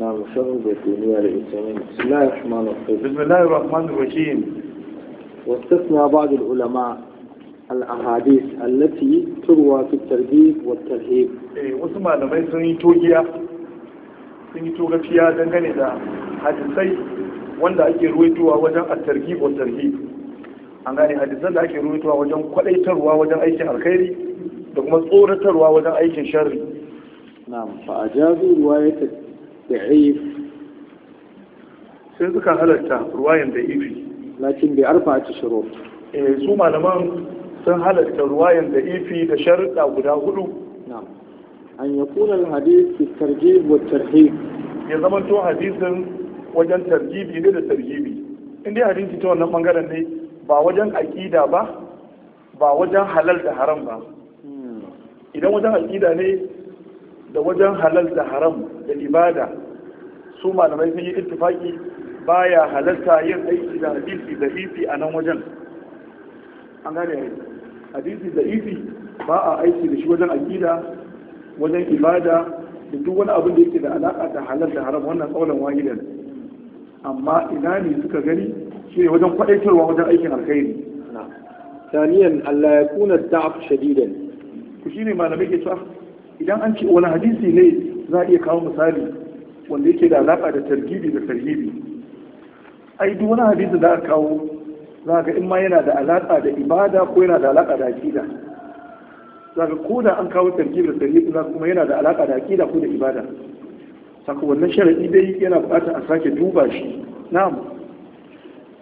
نعم شغل بيكون يا رئيس بسم الله الرحمن الرحيم بسم الله الرحمن الرحيم واستثنى بعض العلماء الأحاديث التي تروى في الترغيب والترهيب إيه وسمع لما يسوني توجيا سوني توجا فيها دنگني دا حدثي وانا اكي روي توا وجن الترغيب والترهيب أنا يعني حدثي دا اكي روي توا وجن كولي تروى وجن ايش الخيري دقم الصورة تروى وجن ايش الشر نعم فأجابي رواية da'if sai suka halatta ruwayan da'ifi lakin bai arfa a shiro eh su malaman sun halatta ruwayan da'ifi da sharuɗa guda hudu an ya kunan hadisi ki tarjib wa tarhib ya zama to hadisin wajen tarjibi ne da tarjibi in dai hadisi ta wannan bangaren ne ba wajen aƙida ba ba wajen halal da haram ba hmm. idan wajen aƙida ne da wajen halal da haram da ibada su malamai sun yi ittifaki baya halalta yin aiki da hadisi da ifi a nan wajen an gane ne hadisi da ifi ba a aiki da shi wajen aƙida wajen ibada da duk wani abin da yake da alaƙa da halal da haram wannan ƙaunar wahidan amma ina ne suka gani shi ne wajen kwaɗaitarwa wajen aikin alkhairi ثانيا ألا يكون الضعف شديدا. وشيني ما لم يجي idan an ce wani hadisi ne za a iya kawo misali wanda yake da alaƙa da targibi da tarhibi ai duk wani hadisi da aka kawo za ga in ma yana da alaƙa da ibada ko yana da alaƙa da aƙida za ga ko da an kawo targibi da tarhibi za kuma yana da alaƙa da aƙida ko da ibada saka wannan sharaɗi dai yana buƙatar a sake duba shi na'am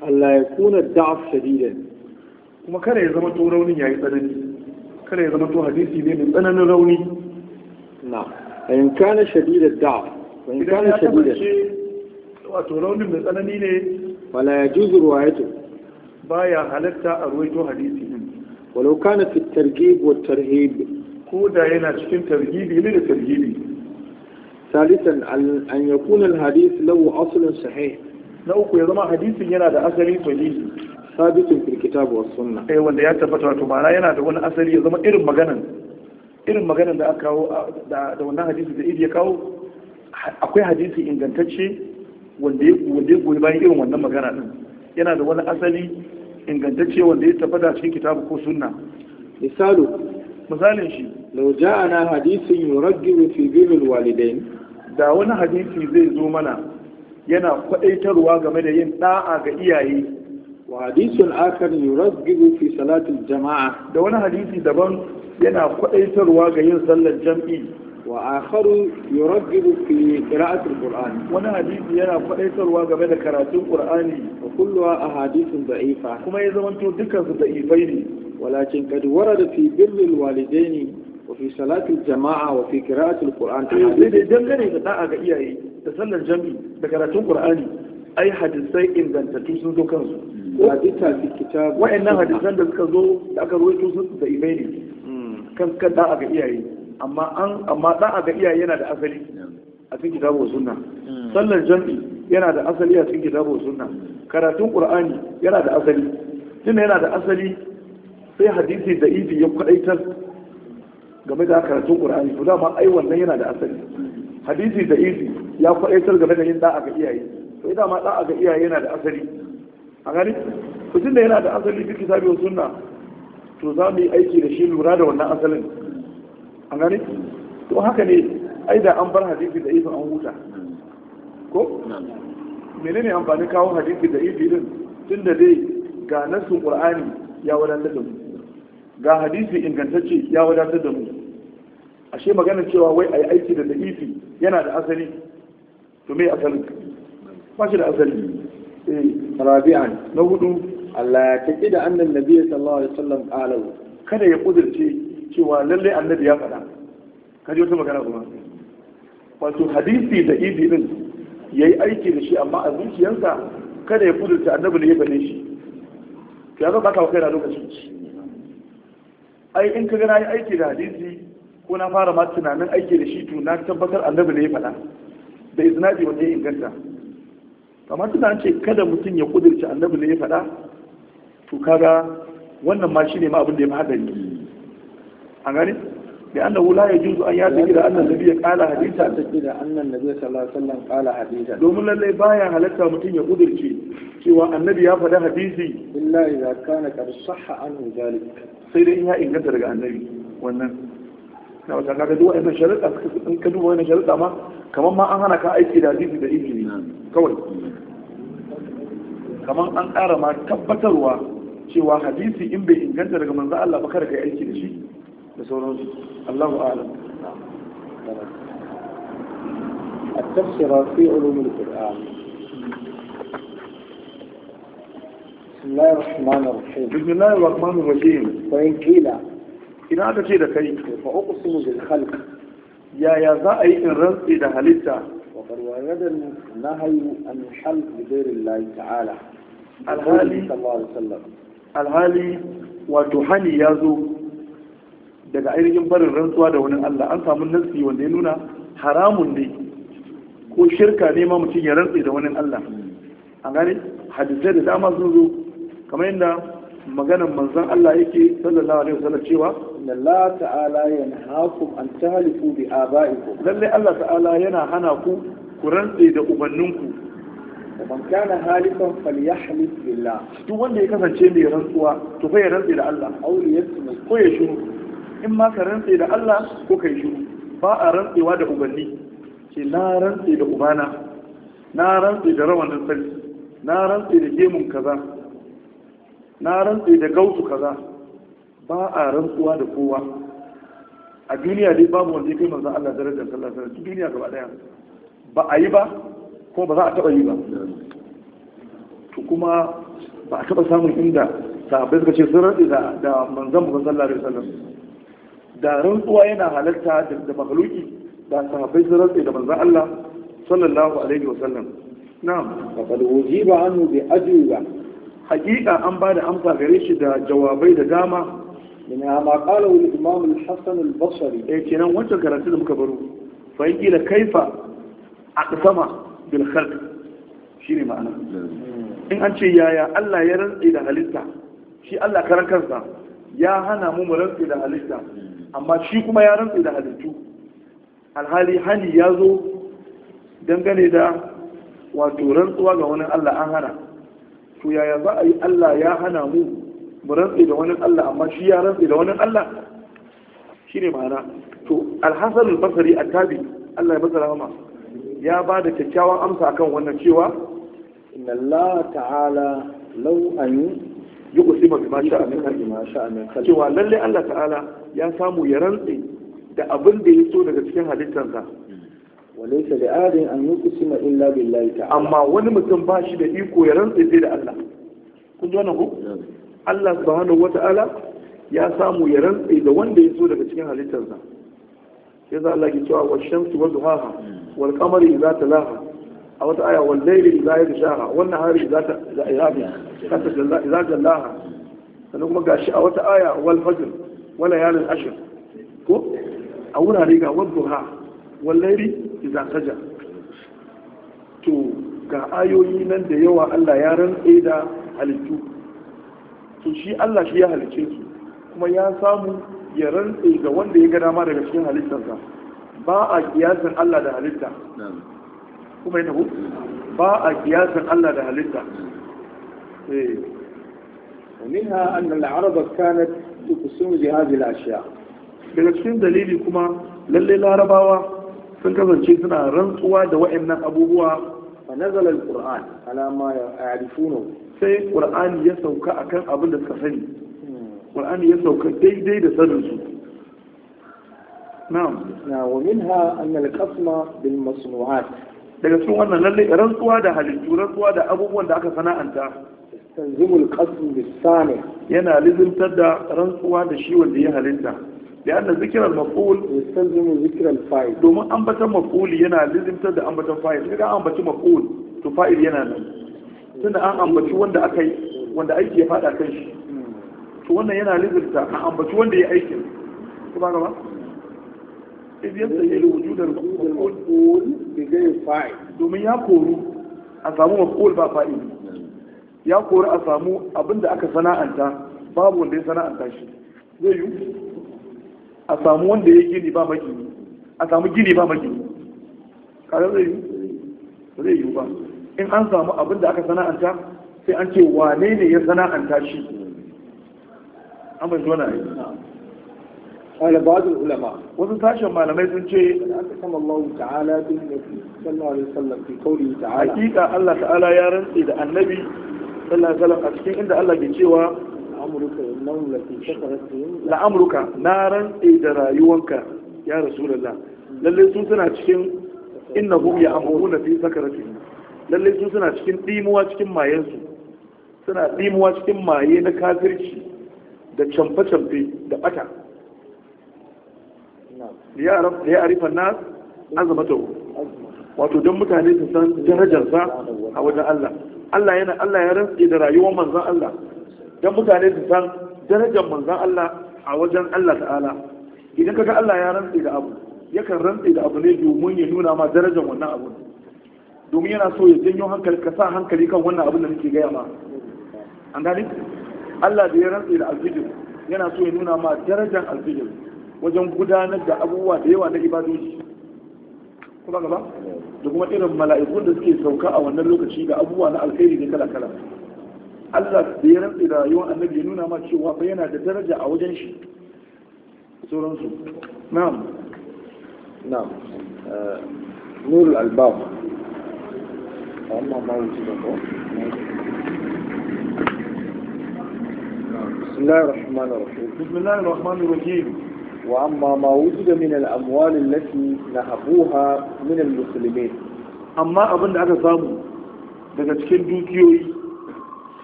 Allah ya kuna da'af shadidan kuma kada ya zama to raunin yayi tsanani kada ya zama to hadisi ne mai tsananin rauni na in kana shadida da in kana shadida wato raunin mai tsanani ne wala ya juzu ruwayatu baya halatta a ruwaito hadisi walau kana fi targhib wa tarhib ko da yana cikin targhibi ne da targhibi ثالثا أن يكون الحديث له أصل Na uku ya zama hadisin yana da asali sahihi sabitin fil kitab was sunna eh wanda ya tabbata to ma'ana yana da wani asali ya zama irin maganan irin maganar da aka kawo da wannan hadisi da ya kawo akwai hadisi ingantacce wanda ya goyi bayan irin wannan magana din yana da wani asali ingantacce wanda ya tabbata cikin kitabu ko sunna misalu misalin shi law ja'ana hadisin yuraddu fi birril walidain da wani hadisi zai zo mana yana kwadaitarwa game da yin ɗa'a ga iyaye wa hadisun akar yuraddu fi salatil jama'a da wani hadisi daban yana kwadaitarwa ga yin sallar jam'i wa akharu yuraghibu fi qira'ati al-qur'an wani hadisi yana kwadaitarwa game da karatun qur'ani wa kulluha ahadithun da'ifa kuma ya zamanto dukkan su da'ifai ne walakin qad warada fi birri al-walidaini wa fi salati al-jama'a wa fi qira'ati al-qur'an eh, dai dangane da da'a ga iyaye da sallar jam'i da karatun qur'ani ai hadisai ingantattu sun zo kansu hadisa fi kitab wa'annan hadisan da suka zo da aka rawaito sun da'ifai ne kan kan da'a ga iyaye amma an amma da'a ga iyaye yana da asali a cikin kitabu sunna hmm. sallar jami'i yana da asali a cikin kitabu sunna karatun qur'ani yana da asali tunda yana da asali sai hadisi da ibi ya kwadaitar game da karatun qur'ani to dama ai wannan yana da asali hadisi da ibi ya kwadaitar game da yin a ga iyaye to idan ma da'a ga iyaye yana da asali a gani to da yana da asali cikin kitabu sunna to za mu yi aiki da shi lura da wannan asalin an gane to haka ne ai da an bar hadisi da ifin an huta ko menene amfani kawo hadisi da ifin din tunda dai ga nasu qur'ani ya wadatar da mu ga hadisi ingantacce ya wadatar da mu ashe magana cewa wai ai aiki da da'ifi yana da asali to me asalin ba shi da asali eh rabi'an na hudu Allah ya tafi da annan nabi sallallahu alaihi wasallam qalu kada ya kudirce cewa lalle annabi ya faɗa kaje wata magana kuma wato hadisi da ibi din yayi aiki da shi amma a zuciyarsa kada ya kudirce annabi ne ya faɗe shi to ya ga baka kai da lokaci ai in ka gana yi aiki da hadisi ko na fara ma tunanin aiki da shi to na tabbatar annabi ne ya faɗa da iznadi wanda ya inganta kamar tunanin ce kada mutum ya kudirce annabi ne ya faɗa to kaga wannan ma shine ma abin da ya fi hadari an gani da wula ya yajuzu an yata gida annan nabi ya kala hadisa ta gida annan nabi sallallahu alaihi Sallan kala hadisa domin lallai baya halatta mutum ya kudurce cewa annabi ya faɗa hadisi illa idza kana qad sahha anhu zalik sai dai in ya inganta daga annabi wannan na wata kaga duk wannan sharuɗa in ka duba wannan sharuɗa ma kamar ma an hana ka aiki da hadisi da izini kawai kamar an ƙara ma tabbatarwa cewa hadisi in bai inganta daga manzo Allah ba kada kai aiki da shi da sauran su Allahu a'lam التفسير في علوم القرآن بسم الله الرحمن الرحيم بسم الله الرحمن الرحيم وإن قيل إن هذا شيء كي فأقسم بالخلق يا يا زائي إن رزقي ده هلتا وقد ورد النهي أن يحل بغير الله تعالى الحالي صلى الله عليه وسلم alhali wato hani ya zo daga ainihin barin rantsuwa da wani Allah an samu nasi wanda ya nuna haramun ne ko shirka ne ma mutum ya rantsi da wani Allah A gane hadisai da dama sun zo kamar yadda maganan manzon Allah yake sallallahu alaihi wasallam cewa Allah ta'ala yanhaakum an tahlifu bi aba'ikum lalle Allah ta'ala yana hana ku ku rantsi da ubanninku man kana halifan falyahlif billah duk wanda ya kasance mai rantsuwa to fa ya rantse da Allah aw yasmu ko ya shiru in ma ka rantsi da Allah ko kai shiru ba a rantsewa da ubanni ce na rantse da ubana na rantse da rawanin sarki na rantse da gemun kaza na rantse da gautu kaza ba a rantsuwa da kowa a duniya dai babu wanda ya kai manzon Allah darajar sallallahu alaihi wasallam duniya gaba daya ba a yi ba Kuma ba za a taɓa yi ba to kuma ba a taɓa samun inda sahabbai suka ce sun raɗe da manzan mu sallallahu alaihi wasallam da rantsuwa yana halarta da makaluki da sahabbai sun raɗe da manzan Allah sallallahu alaihi wasallam na'am faqad wujiba anhu bi ajiba haqiqa an ba da amsa gare shi da jawabai da dama Ina ma qala al-imam al-hasan al-basri eh kenan wancan karatu da muka baro fa da kaifa a aqsama bil khalq shine ma'ana in an ce yaya Allah ya rantsi da halitta shi Allah karan kansa ya hana mu mu rantsi da halitta amma shi kuma ya rantsi da halittu alhali hani ya zo dangane da wato rantsuwa ga wani Allah an hana to yaya za a yi Allah ya hana mu mu rantsi da wani Allah amma shi ya rantsi da wani Allah shine ma'ana to Alhassan al-basri at-tabi Allah ya basara mama ya ba da kyakkyawan amsa akan wannan cewa inna Allah ta'ala law an yuqsima bima sha'a min khalqi ma sha'a min khalqi cewa lalle Allah ta'ala ya samu ya rantsi da abin da ya so daga cikin halittarsa walaysa li adin an yuqsima illa billahi ta'ala amma wani mutum ba shi da iko ya rantsi sai da Allah kun ji wannan ko Allah subhanahu wata'ala ya samu ya rantsi da wanda ya so daga cikin halittarsa sai za Allah ke cewa wa shamsi wa duhaha wal qamari idza talaha a wata aya wal layli idza yaghshaha wan nahari idza kata jalla idza jallaha sannan kuma gashi a wata aya wal fajr wa layalin ashr ko a wurare ga wa duha wal layli idza saja to ga ayoyi nan da yawa Allah ya rantsa da halittu to shi Allah shi ya halicce su kuma ya samu ya rantse ga wanda ya ga dama daga cikin halittarsa ba a kiyasin Allah da halitta kuma ya tabu ba a kiyasin Allah da halitta ومنها أن العرب كانت تقسم بهذه الأشياء daga cikin dalili kuma lalle larabawa sun kasance suna rantsuwa da wa'annan abubuwa fa nazala alquran ala ma ya'rifuna sai qur'ani ya sauka akan abin da suka sani qur'ani ya sauka daidai da sanin na wa minha an Kasma qasma bil masnu'at daga cikin wannan lalle rantsuwa da halittu rantsuwa da abubuwan da aka sana'anta tanzimul qasm bis sani yana lizimtar da rantsuwa da shi wanda ya halitta لأن ذكر المفعول يستلزم ذكر الفاعل دوما أنبت مفعول ينا لازم تبدا أنبت فاعل إذا ambaci مفعول to fa'il yana nan tunda an ambaci wanda aka yi wanda aiki ya faɗa kan shi to wannan yana lizarta a ambaci wanda ya aikin ku ba gaba idan ya tsaye da wujudar maf'ul da zai fa’i domin ya koru a samu maf'ul ba fa’i ya koru a samu abinda aka sana'anta babu wanda ya sana'anta shi zai yi a samu wanda ya gini ba maki a samu gini ba maki kada zai yi zai yi ba in an samu abinda aka sana'anta sai an ce wane ne ya sana'anta shi an bai zuwa ne قال بعض العلماء ومن تاشا ما لم يكن شيء أقسم الله تعالى بالنبي صلى الله عليه وسلم في قوله تعالى حقيقة الله تعالى يا رنسي ده النبي صلى الله عليه وسلم أتكين عند الله جنشيوا لأمرك إنه التي شكرت لأمرك نارا إذا رايوانك يا رسول الله lallai su suna cikin inna hum ya amuruna fi sakaratihim lallai su suna cikin dimuwa cikin mayensu suna dimuwa cikin maye na kafirci da camfe-camfe da bata da ya arifa na azamata wato don mutane su san darajarsa a wajen Allah Allah yana Allah ya rantsi da rayuwar manzan Allah don mutane su san darajar manzan Allah a wajen Allah ta'ala idan kaga Allah ya rantsi da abu yakan rantsi da abu ne domin ya nuna ma darajar wannan abu domin yana so ya janyo hankali ka sa hankali kan wannan abin da nake gaya ma an gani Allah da ya rantsi da alfijir yana so ya nuna ma darajar alfijir wajen gudanar da abubuwa da yawa na ibadoji kuma gaba da kuma irin mala'ikun da suke sauka a wannan lokaci da abubuwa na alkhairi ne kala kala Allah da ya rantsi da yawan annabi ya nuna ma cewa fa yana da daraja a wajen shi sauransu na'am na'am eh, nurul albab amma ma wuce da ko الله الرحمن الرحيم بسم الله الرحمن الرحيم وأما ما وجد من الأموال التي نهبوها من المسلمين أما أبن سامو daga cikin dukiyoyi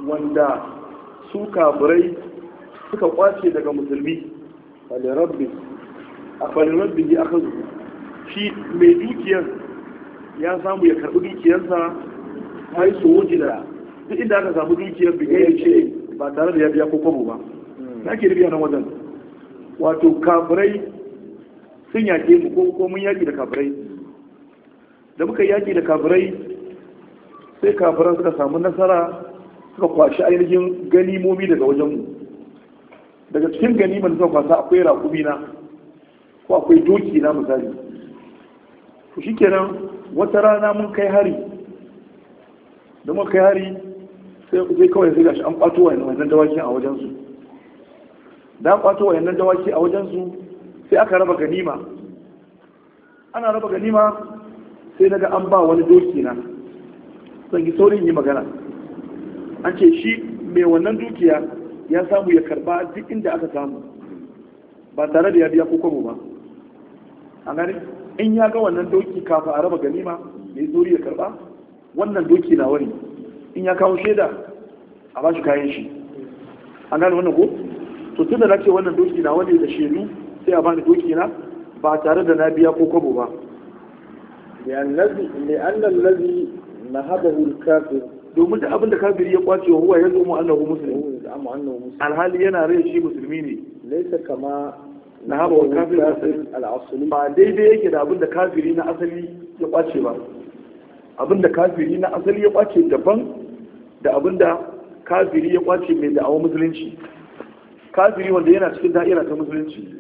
wanda su kafirai suka kwace daga musulmi falirabbi a ya aka zuku shi mai dukiyar ya samu ya karbi dukiyarsa mai su wuce da duk inda aka samu dukiyar bigai da ce ba tare da ya biya ko kwabo ba na ke rubiya nan wajen wato kafirai sun yaƙe mu ko ko mun yaƙi da kafirai da muka yaƙi da kafirai sai kafiran suka samu nasara suka kwashi ainihin ganimomi daga wajen mu daga cikin ganiman suka kwasa akwai rakumi na ko akwai doki na misali to shikenan wata rana mun kai hari da muka kai hari sai kawai sai gashi an kwato wayannan dawaki a wajensu da an kwato wayannan dawaki a wajensu sai aka raba ganima ana raba ganima sai naga an ba wani doki na Sanki yi saurin yi magana an ce shi mai wannan dukiya ya samu ya karba duk inda aka samu ba tare da ya biya kokobo ba a gani in ya ga wannan doki kafin a raba ganima mai zuri ya karba wannan doki na wani in ya kawo shaida a ba shi kayan shi an gane wannan ko to tun da na ce wannan doki na wani da shaidu sai a bani doki na ba tare da na biya ko kwabo ba li'annan lazi na haɗa hulkafir domin da abin da kafiri ya kwace wa huwa ya zo mu'annahu musulmi alhali yana rai shi musulmi ne laisa kama na haɗa na al'asuli ba daidai yake da abin da kafiri na asali ya kwace ba abin da kafiri na asali ya kwace daban da abinda kafiri ya kwace mai da'awar musulunci kafiri wanda yana cikin da'ira ta musulunci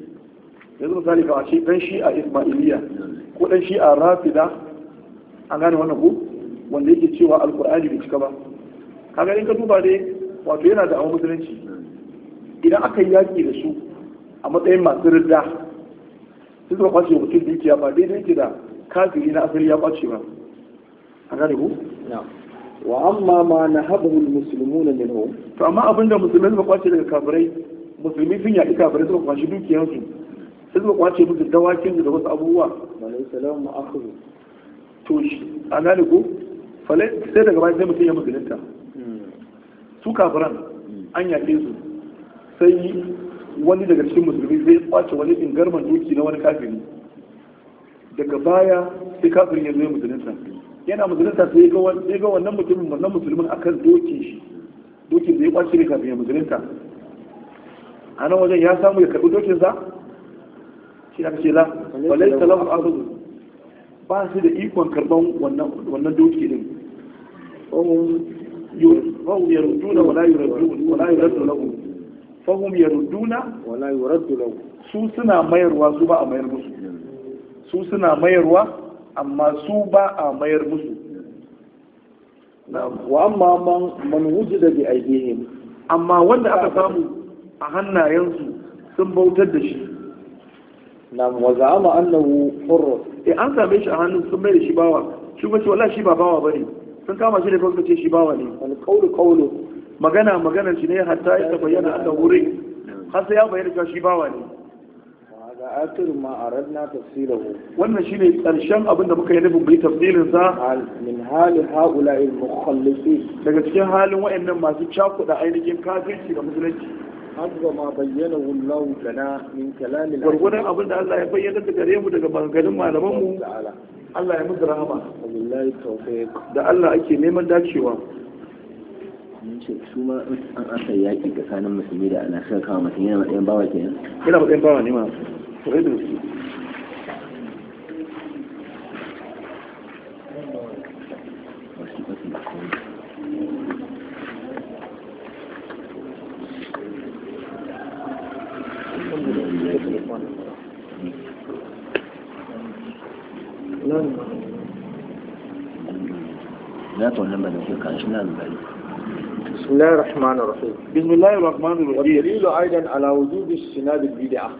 yanzu misali kawai ce dan a ismailiya ko dan a rafida an gane wannan ko wanda yake cewa alkur'ani bai cika ba kaga in ka duba dai wato yana da'awar musulunci idan aka yi yaƙi da su a matsayin masu ridda su suka kwace mutum dukiya ba daidai ke da kafiri na asali ya kwace ba an gane ku wa amma ma na musulmu na minhum to amma abinda musulmai suka kwace daga kafirai musulmi sun yaki kafirai suka kwashi dukiyarsu sai suka kwace musu dawakin da wasu abubuwa malai salamu akhu to shi an gane ko sai daga baya sai mutum ya musulunta hmm. su kafiran an yaƙe su sai wani daga cikin musulmi zai kwace wani ingarman duki na wani kafiri daga baya sai kafirin ya zo ya musulunta yana musulunta sai ya ga wannan mutumin wannan musulmin akan doki shi dokin zai ya ne kafin ya musulunta a nan wajen ya samu ya karɓi sa shi aka ce la walai salamu azuzu ba su da ikon karɓar wannan doki din fahim yaruduna wala yuraddu wala yuraddu fahim wala su suna mayarwa su ba a mayar musu su suna mayarwa amma su ba a mayar musu wa amma man da bi aidihim amma wanda aka samu a hannayensu sun bautar da shi na wa za'ama annahu hurr E, an same shi a hannun sun mai da shi bawa shi ba ce wallahi shi ba bawa bane sun kama shi da kanka ce shi bawa ne al qawlu qawlu magana magana shi ne hatta ya bayyana annahu rai har sai ya bayyana shi bawa ne akhir ma aradna tafsiruhu wannan shine karshen abin da muka yi nufin bai tafsirin sa min hali haula al mukhallafi daga cikin halin wayannan masu cakuda ainihin kafirci da musulunci hadda ma bayyana Allah lana min kalam al gurgurdan abin da Allah ya bayyana daga gare mu daga maganganun malaman mu Allah ya musu rahama wallahi tawfiq da Allah ake neman dacewa ce su ma an asa yaƙi tsakanin musulmi da ana shirka mutum yana matsayin bawa kenan yana matsayin bawa ne ma وادرس بسم الله الرحمن الرحيم بسم الله الرحمن الرحيم دليل أيضا على وجود السناد البدعة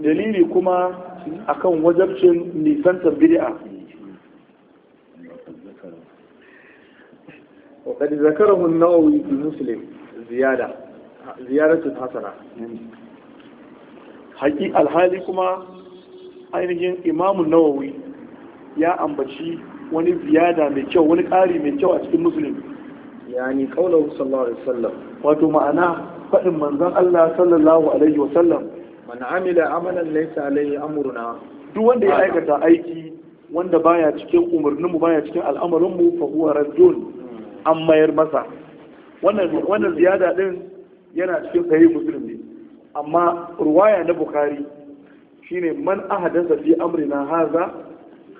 dalili kuma akan wajabcin nisantar bid'a وقد ذكره النووي في مسلم زيادة زيادة حسنة حقيقة الحالي kuma ainihin imamun nawawi ya ambaci wani ziyada mai kyau wani ƙari mai kyau a cikin musulun yani kaunar sallallahu alaihi wasallam wato ma'ana faɗin manzon Allah sallallahu alaihi wasallam man amila amalan laysa alayhi amruna duk wanda ya aikata aiki wanda baya cikin umarnin mu baya cikin al'amarin mu fa huwa rajul hmm. an mayar masa wannan wannan ziyada din yana cikin sahih muslim ne amma ruwaya na bukhari shine man ahadasa fi amrina haza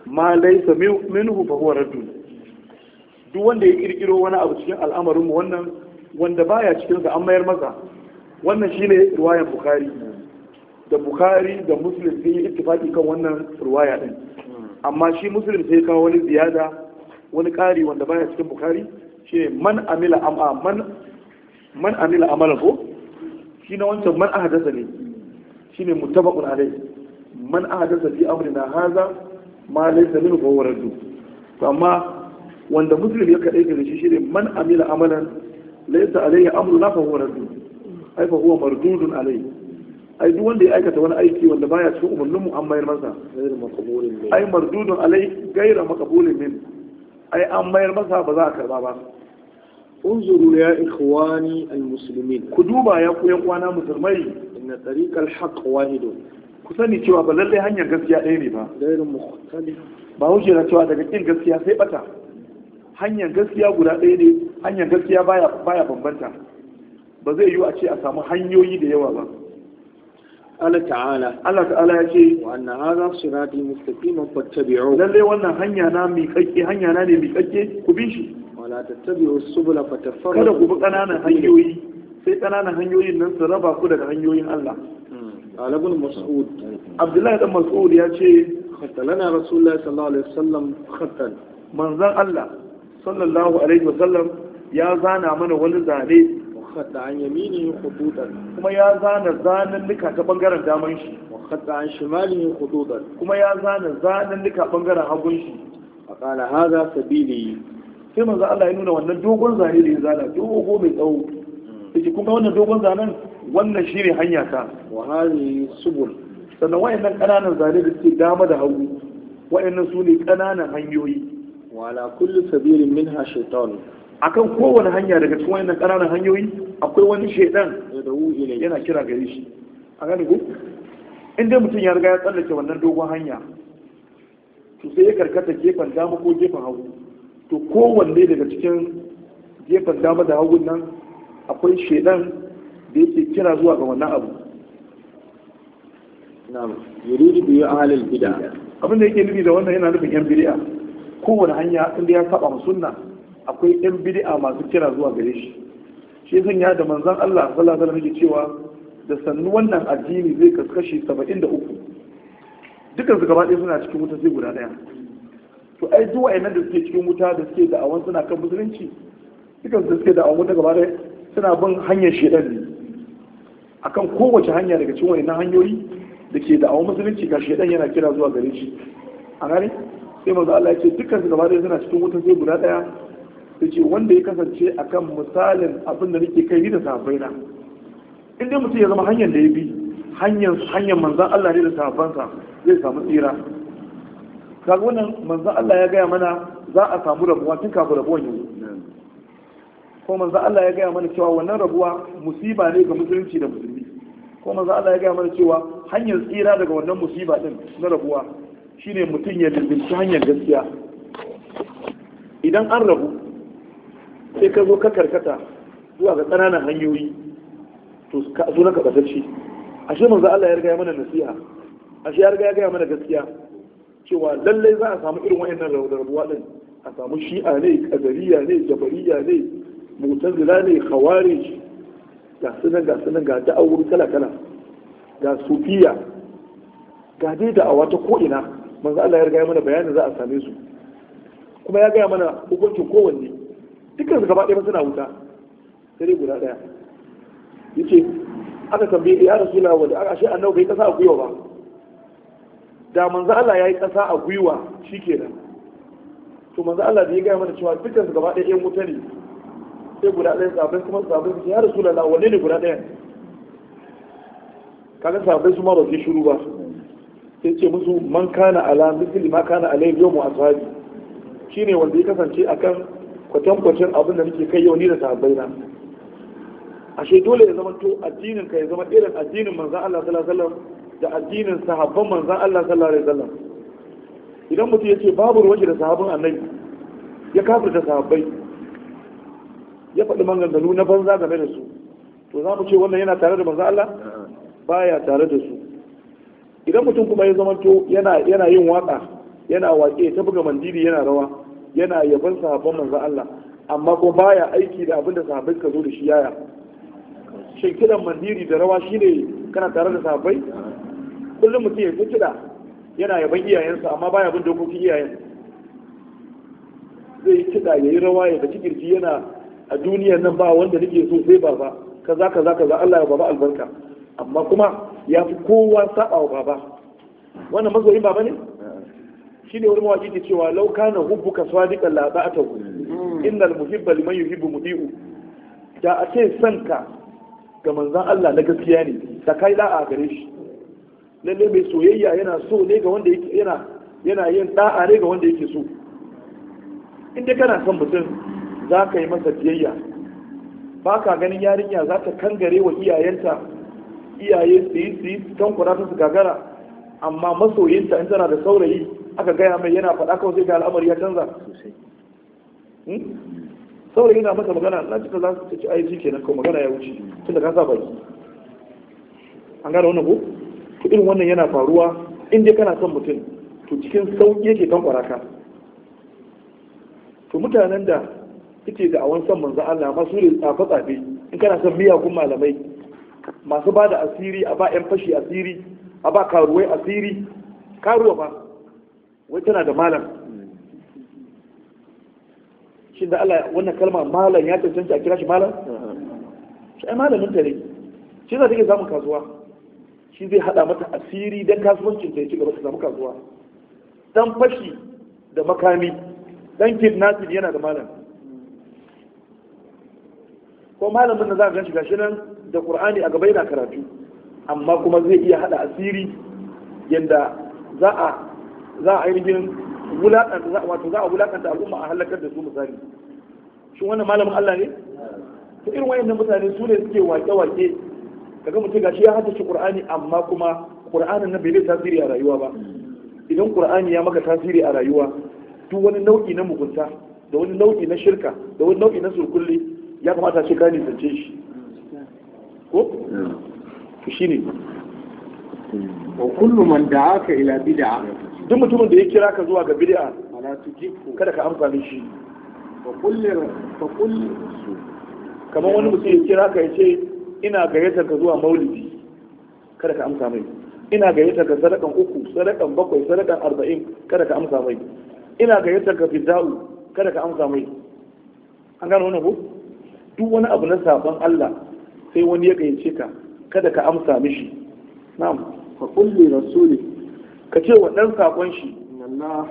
ma laysa minhu fa huwa rajul duk wanda ya kirkiro wani abu cikin al'amarin mu wannan wanda baya cikin sa an mayar masa wannan shine ruwayan bukhari da bukari da muslim sun yi ittifaki kan wannan ruwaya din amma shi muslim sai kawo wani ziyada wani ƙari wanda baya cikin bukari shi man amila am'a ah, man man amila amala ko shi na wancan man ahadasa ne shi ne mutabaqun alai man ahadasa fi na haza ma laysa minhu fa huwa raddu amma wanda muslim ya kadai da shi shi ne man amila amalan laysa alayhi na fa huwa raddu ai fa huwa mardudun alayhi ai duk wanda ya aikata wani aiki wanda baya cikin umarnin mu an mayar masa ai mardudun alai gaira makabulin min ai an mayar masa ba za a karba ba unzuru ya ikhwani almuslimin ku duba ya ku yan kwana musulmai inna tariqal haqq wahidun ku sani cewa ba lallai hanyar gaskiya ɗaya ne ba gairu mukhtalif ba wuce na cewa daga kin gaskiya sai bata hanyar gaskiya guda ɗaya ne hanyar gaskiya baya baya bambanta ba zai yiwu a ce a samu hanyoyi da yawa ba Allah ta'ala Allah ta'ala ya ce wa anna hadha sirati mustaqima fattabi'u lalle wannan hanya na mi kakke hanya na ne mi kakke ku bi shi wala tattabi'u subula fatafarraqu kada ku bi kananan hanyoyi sai kananan hanyoyin nan su raba ku daga hanyoyin Allah Mas'ud Abdullahi dan Mas'ud ya ce khatalana Rasulullahi sallallahu alaihi wasallam khatan manzon Allah sallallahu alaihi wasallam ya zana mana wani zane وخط عن يمينه خطوطا كما يا زان زان لك تبنغر دامن شي وخط عن شماله خطوطا كما يا زان زان لك بنغر shi. شي فقال هذا سبيلي sai manzo Allah ya nuna wannan dogon zane da ya zana dogo mai tsawo yace kun ga wannan dogon zanen wannan shine hanya ta wa hali subul sannan wayannan kananan zane da suke dama da hagu wayannan su ne kananan hanyoyi wa ala kulli sabilin minha shaytan akan kowane hanya daga cikin wannan ƙananan hanyoyi akwai wani shaidan da yana kira gare shi a gani ko in dai mutum ya riga ya tsallake wannan dogon hanya to sai ya karkata gefen dama ko gefen hagu to kowanne daga cikin gefen dama da hagun nan akwai shaidan da yake kira zuwa ga wannan abu na'am yuridu bi ahlil bid'a abin da yake nufi da wannan yana nufin yan bid'a kowane hanya inda ya saba sunna akwai yan bid'a masu kira zuwa gare shi shi zan ya da manzon Allah sallallahu alaihi wasallam cewa da sannu wannan addini zai kaskashi 73 dukan su gaba ɗaya suna cikin wuta sai guda ɗaya to ai duk wayannan da suke cikin wuta da suke da awan suna kan musulunci dukan su suke da awan wuta gaba ɗaya suna bin hanyar shedan ne akan kowace hanya daga cikin wayannan hanyoyi da ke da awan musulunci ga shedan yana kira zuwa gare shi a gare sai manzo Allah ya ce dukkan su gaba ɗaya suna cikin wuta sai guda ɗaya ce wanda ya kasance akan misalin abin da nake kai ni da sahabbai na in dai mutum ya zama hanyar da ya bi hanyar hanyar manzon Allah ne da sahabbansa zai samu tsira kaga wannan manzan Allah ya gaya mana za a samu rabuwa tun kafin rabuwan yanzu ko manzan Allah ya gaya mana cewa wannan rabuwa musiba ne ga musulunci da musulmi ko manzan Allah ya gaya mana cewa hanyar tsira daga wannan musiba din na rabuwa shine mutum ya lullunci hanyar gaskiya idan an rabu sai ka zo ka karkata zuwa ga ƙananan hanyoyi to ka zo na kabatacci ashe manzo Allah ya riga ya mana nasiha ashe ya riga ya gaya mana gaskiya cewa lallai za a samu irin wayannan rabuwa din a samu shi'a ne kadariya ne jabariya ne mutazila ne khawarij ga sunan ga sunan ga da'awur kala kala ga sufiya ga dai da'awa ta ko ina manzo Allah ya riga ya mana bayanin za a same su kuma ya gaya mana hukuncin kowanne dukkan su gaba ɗaya suna wuta sai dai guda ɗaya yace aka tambaye ya rasula wanda aka shi annabi bai kasa a gwiwa ba da manzo Allah yayi kasa a gwiwa shikenan to manzo Allah bai ga mana cewa dukkan su gaba ɗaya yan wuta ne sai guda ɗaya sabai kuma sabai su ya rasula wanne ne guda ɗaya kaga sabai su ma ba su shiru ba sai ce musu man kana ala misli ma kana alayhi yawmu ashabi shine wanda ya kasance akan kwatankwacin abin da nake kai yau ni da sahabbai na ashe dole ya zama to addinin ka ya zama irin addinin manzan Allah sallallahu alaihi wasallam da addinin sahabban manzan Allah sallallahu alaihi wasallam idan mutum ya ce babu ruwaje da sahabban annabi ya da sahabbai ya faɗi maganganu na banza game da su to za mu ce wannan yana tare da manzan Allah baya tare da su idan mutum kuma ya zama to yana yin waka yana waƙe ta buga mandiri yana rawa yana yaban sahabban manzon Allah amma ko baya aiki da abinda sahabbai ka zo da shi yaya shin kidan mandiri da rawa shine kana tare da sahabbai kullum mutum ya kida yana yaban iyayensa amma baya bin dokokin iyayen zai kida yayi rawa ya da kirji yana a duniyar nan ba wanda nake so sai baba kaza kaza kaza Allah ya baba albarka amma kuma ya fi kowa saba baba wannan mazoyin baba ne shine wani mawaki ke cewa lauka na hubbuka sadiqan la ba'atahu innal muhibba liman yuhibbu mudi'u da a ce sanka ga manzan Allah na gaskiya ne da kai da'a gare shi lalle mai soyayya yana so ne ga wanda yake yana yana yin da'a ne ga wanda yake so in dai kana son mutum za ka yi masa biyayya ba ka ganin yarinya za ta kangare wa iyayenta iyaye su yi su yi su kankura su gagara amma masoyinta in tana da saurayi aka gaya mai yana faɗa kawai zai ga al'amari ya canza hmm? saurayi yana mata magana na cika za su ci aiki kenan kawai magana ya wuce tunda ka sa baki an gane wannan ko irin wannan yana faruwa in dai kana son mutum to cikin sauƙi yake kan kwaraka to mutanen da suke da awon son manzo Allah ma su ne tsafe-tsafe in kana son miyagun malamai masu ba da asiri a ba 'yan fashi asiri a ba karuwai asiri karuwa ba wai tana da malam shi da Allah wannan kalma malam ya tantance a kira shi malam shi ai malamin ta ne shi za ta ke samun kasuwa shi zai hada mata asiri don kasuwancin ta ya ci gaba ta samu kasuwa dan fashi da makami dan kidnapping yana da malam ko malamin da za a gan shi gashi nan da qur'ani a gaba yana karatu amma kuma zai iya hada asiri yanda za a za a ainihin wulaƙanta, wato za a wulaƙanta al'umma a halakar da su misali shi wannan malamin Allah ne to irin wayannan mutane su ne suke wake-wake kaga mutum gashi ya shi Qur'ani amma kuma Qur'anin nan bai da tasiri a rayuwa ba idan Qur'ani ya maka tasiri a rayuwa duk wani nau'i na mugunta da wani nau'i na shirka da wani nau'i na surkulli ya kamata shi ka nisance shi ko hmm. to ne. wa kullu man da'aka ila bid'a duk mutumin da ya kira ka zuwa ga bid'a ala tujibu kada ka amfani shi fa kulli fa kulli kamar wani mutum ya kira ka ya ce ina gayyatar ka zuwa maulidi kada ka amsa mai ina gayyatar ka sadakan uku sadakan bakwai sadakan arba'in kada ka amsa mai ina gayyatar ka fidda'u kada ka amsa mai an gano wani ko duk wani abu na sabon Allah sai wani ya gayyace ka kada ka amsa mishi na'am fa kulli rasulika ka ce wa ɗan saƙon shi inna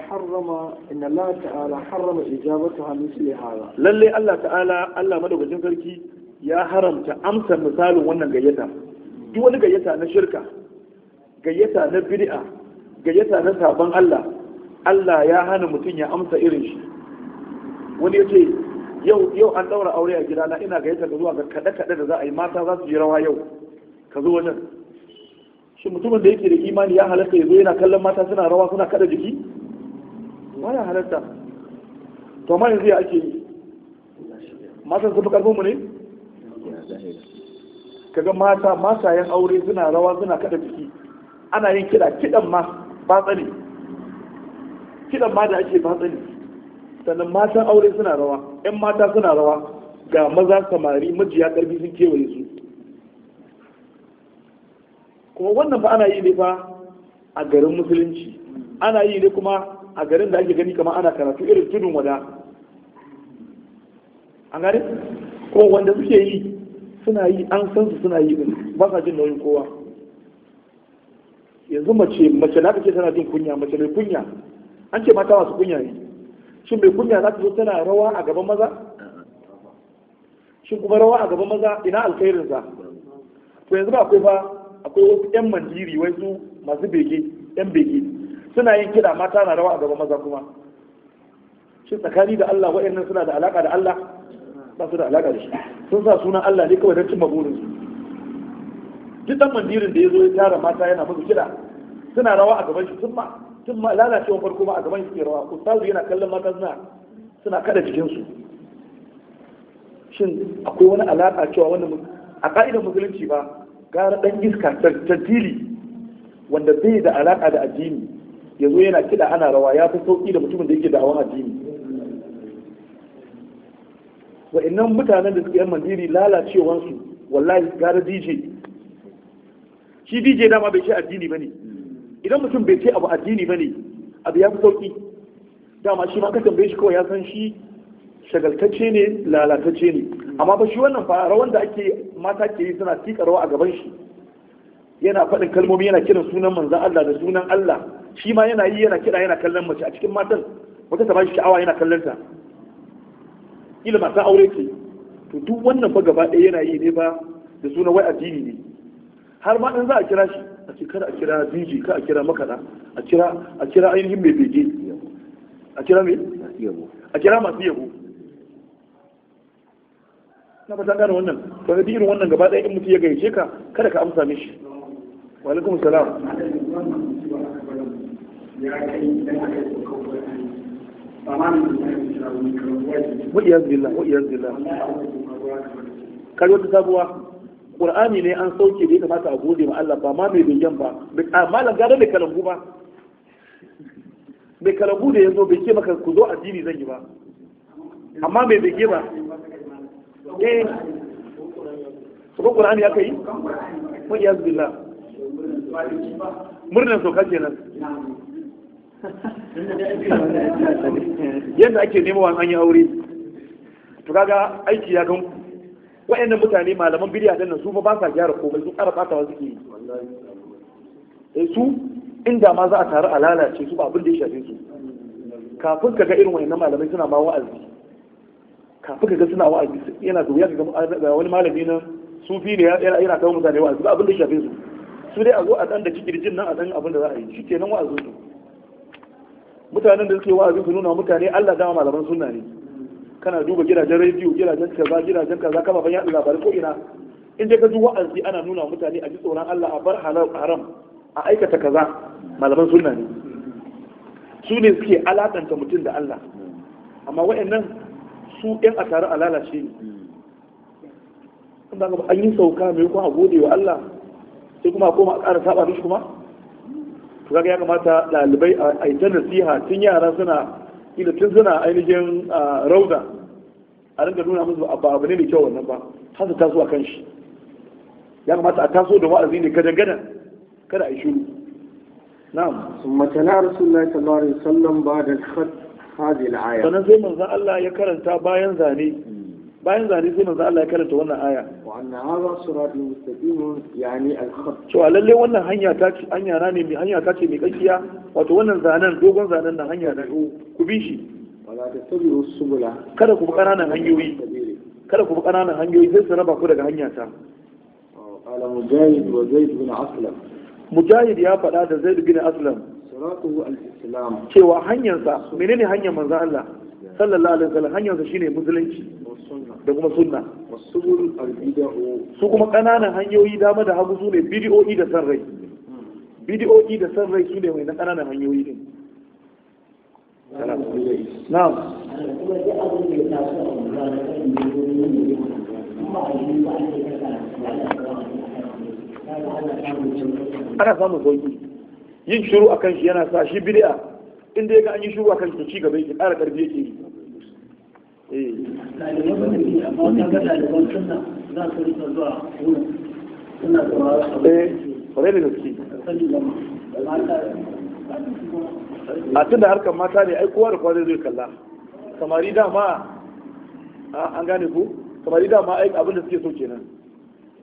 Allah ta'ala harrama ijabatu hannun su hada lalle Allah ta'ala Allah madaukakin sarki ya haramta amsa misalin wannan gayyata duk wani gayyata na shirka gayyata na bid'a gayyata na sabon Allah Allah ya hana mutum ya amsa irin shi wani ya ce yau an ɗaura aure a gidana ina gayyata ka zuwa ga kaɗe-kaɗe da za a yi mata za su yi rawa yau ka zo wajen shi mutumin da yake da imani ya halatta ya zo yana kallon mata suna rawa suna kada jiki ya halatta to amma yanzu ya ake yi matan sun fi mu ne kaga mata yan aure suna rawa suna kada jiki ana yin kiɗa kiɗan ma ba tsani kiɗan ma da ake ba tsani sannan matan aure suna rawa 'yan mata suna rawa ga maza samari majiya karfi sun kewaye su kuma wannan fa ana yi ne fa a garin musulunci ana yi ne kuma a garin da ake gani kamar ana karatu irin tudun wada an gane kuma wanda suke yi suna yi an san su suna yi din ba sa jin nauyin kowa yanzu mace mace na kace tana jin kunya mace mai kunya an ce mata masu kunya ne shin mai kunya za ta zo tana rawa a gaban maza shin kuma rawa a gaban maza ina alkhairinsa to yanzu ba akwai ba akwai wasu yan manjiri wai su masu bege yan bege suna yin kiɗa mata na rawa a gaban maza kuma shi tsakani da Allah waɗannan suna da alaka da Allah ba su da alaka da shi sun sa sunan Allah ne kawai don cimma burinsu duk dan mandirin da ya zo ya tara mata yana musu kiɗa suna rawa a gaban shi sun ma sun ma lalacewa farko ma a gaban shi ke rawa ustazu yana kallon mata suna suna kada jikinsu shin akwai wani alaka cewa wannan a ka'idar musulunci ba gara dan iska tartili wanda bai da alaka da addini yanzu yana kida ana rawa ya fi sauki da mutumin da yake da awan addini Wa innan mutanen da suke yan mandiri lalacewansu wallahi gara DJ shi DJ dama bai ce addini bane idan mutum bai ce abu addini bane abu ya fi sauki dama shi ma ka tambaye shi kawai ya san shi shagaltacce ne lalatacce ne amma ba shi wannan fa rawan da ake mata ke yi suna tika rawa a gaban shi yana faɗin kalmomi yana kiran sunan manzan Allah da sunan Allah shi ma yana yi yana kira yana kallon mace a cikin matan wata ta ba shi sha'awa yana kallon ta ila mata aure ce to duk wannan fa gaba ɗaya yana yi ne ba da sunan wai addini ne har ma ɗan za a kira shi a ce kada a kira DJ ka a kira makaɗa a kira a kira ainihin mai bege a kira me a kira masu yabo na fata gane wannan to da irin wannan gaba ɗaya in mutum ya gayyace ka kada ka amsa mishi wa alaikum salam wa iyaz billah wa iyaz billah kar wata sabuwa qur'ani ne an sauke da ya kamata a gode ma Allah ba ma mai bingen ba malam gare mai kalambu ba mai kalambu da ya zo bai ce maka ku zo addini zan yi ba amma mai bege ba eh ko Qur'ani aka yi mu iyaz billah murnan soka kenan yadda ake nema wa an yi aure to kaga aiki ya gan wa'annan mutane malaman bidiya din nan su ba sa gyara komai su ƙara wasu suke yi eh su inda ma za a taru a lalace su ba abin da ya shafe su kafin ka ga irin na malamai suna ma wa'azi kafin ka ga suna wa'azi yana da wuya ga wani malami nan sufi ne yana yana kawo mutane wa'azi ba abin da shafe su su dai a zo a dan da kikirjin nan a dan abin da za a yi shikenan wa'azin su mutanen da suke wa'azi su nuna mutane Allah dama malaman sunna ne kana duba gidajen radio, gidajen kaza gidajen kaza kama ban yaɗa labarin ko ina in dai ka ji wa'azi ana nuna mutane a ji tsoron Allah a bar halal haram a aikata kaza malaman sunna ne su ne suke alakanta mutum da Allah amma wa'annan su ɗin a tare a lalace ne an yi sauka mai kuma a gode wa Allah sai kuma a koma a ƙara saba mishi kuma to kaga ya kamata ɗalibai a yi ta nasiha tun yara suna ila tun suna ainihin rauda a rinka nuna musu ba abu ne mai kyau wannan ba har su taso a kan shi ya kamata a taso da wa'azi ne kada gada kada a yi shiru na'am sun matana rasulullahi sallallahu alaihi wasallam ba da khat sannan sai manzan Allah ya karanta bayan zane bayan zane sai manzan Allah ya karanta wannan aya wa anna hadha siratun mustaqimun yani al-khat cewa lalle wannan hanya ta ce hanya na ne mai hanya ta ce mai kakkiya wato wannan zanen dogon zanen na hanya na ku bi shi wala kada ku bi ƙananan hanyoyi kada ku bi hanyoyi zai su raba ku daga hanya ta qala mujahid wa zaid bin aslam mujahid ya faɗa da zaid bin aslam cewa hanyarsa menene hanyar manzan Allah sallallahu alaihi wasallam hanyarsa shine musulunci da kuma sunna su kuma kananan hanyoyi dama da hagu su ne bidiyoyi da san rai bidiyoyi da san rai su ne mai na kananan hanyoyi din na'am ana samun sauki yin shiru akan shi yana sa shi bid'a in dai ga an yi shiru akan shi ci gaba yake ƙara ƙarfi yake yi a tun da harkar mata ne ai kowa da kowa zai kalla samari dama an gane ku samari dama ai abinda suke so kenan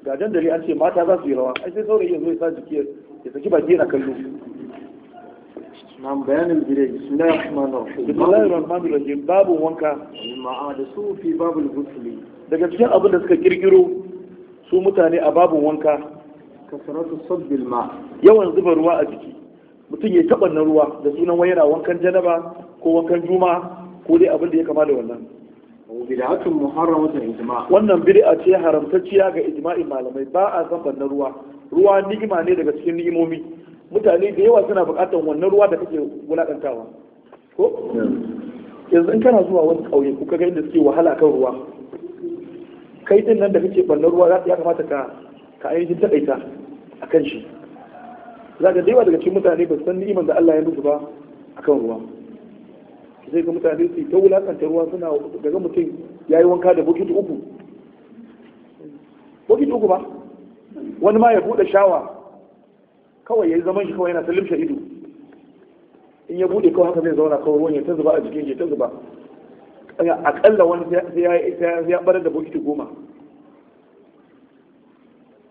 ga dandali an ce mata za su yi rawa ai sai saurayi yanzu ya sa jiki ya saki baki yana kallo نعم بيان البداية بسم الله الرحمن الرحيم daga cikin abin da suka kirkiro su mutane a babu wanka kasaratu sabbil ma yawan zuba ruwa a jiki mutum ya taɓa na ruwa da sunan wani yana wankan janaba ko wankan juma ko dai abin da ya kama da wannan bid'atun muharramatun ijma wannan bid'a ce haramtacciya ga ijma'in malamai ba a zamban ruwa ruwa ni'ima ne daga cikin ni'imomi mutane da yawa suna buƙatar wannan ruwa da kake wulaƙantawa ko yanzu in kana zuwa wani ƙauye ko kaga inda suke wahala kan ruwa kai din nan da kake ɓannar ruwa za ya kamata ka ka ainihin taƙaita a kan shi za ka daiwa daga cikin mutane ba san ni'imar da Allah ya musu ba a kan ruwa zai ga mutane su ta wulaƙanta ruwa suna daga mutum ya yi wanka da bokiti uku bokiti uku ba wani ma ya buɗe shawa kawai ya yi zaman shi kawai yana ta limshe ido in ya bude kawai haka zai zauna kawai ruwan ya ta zuba a jikin shi ta zuba a akalla wani ya barar da bokiti goma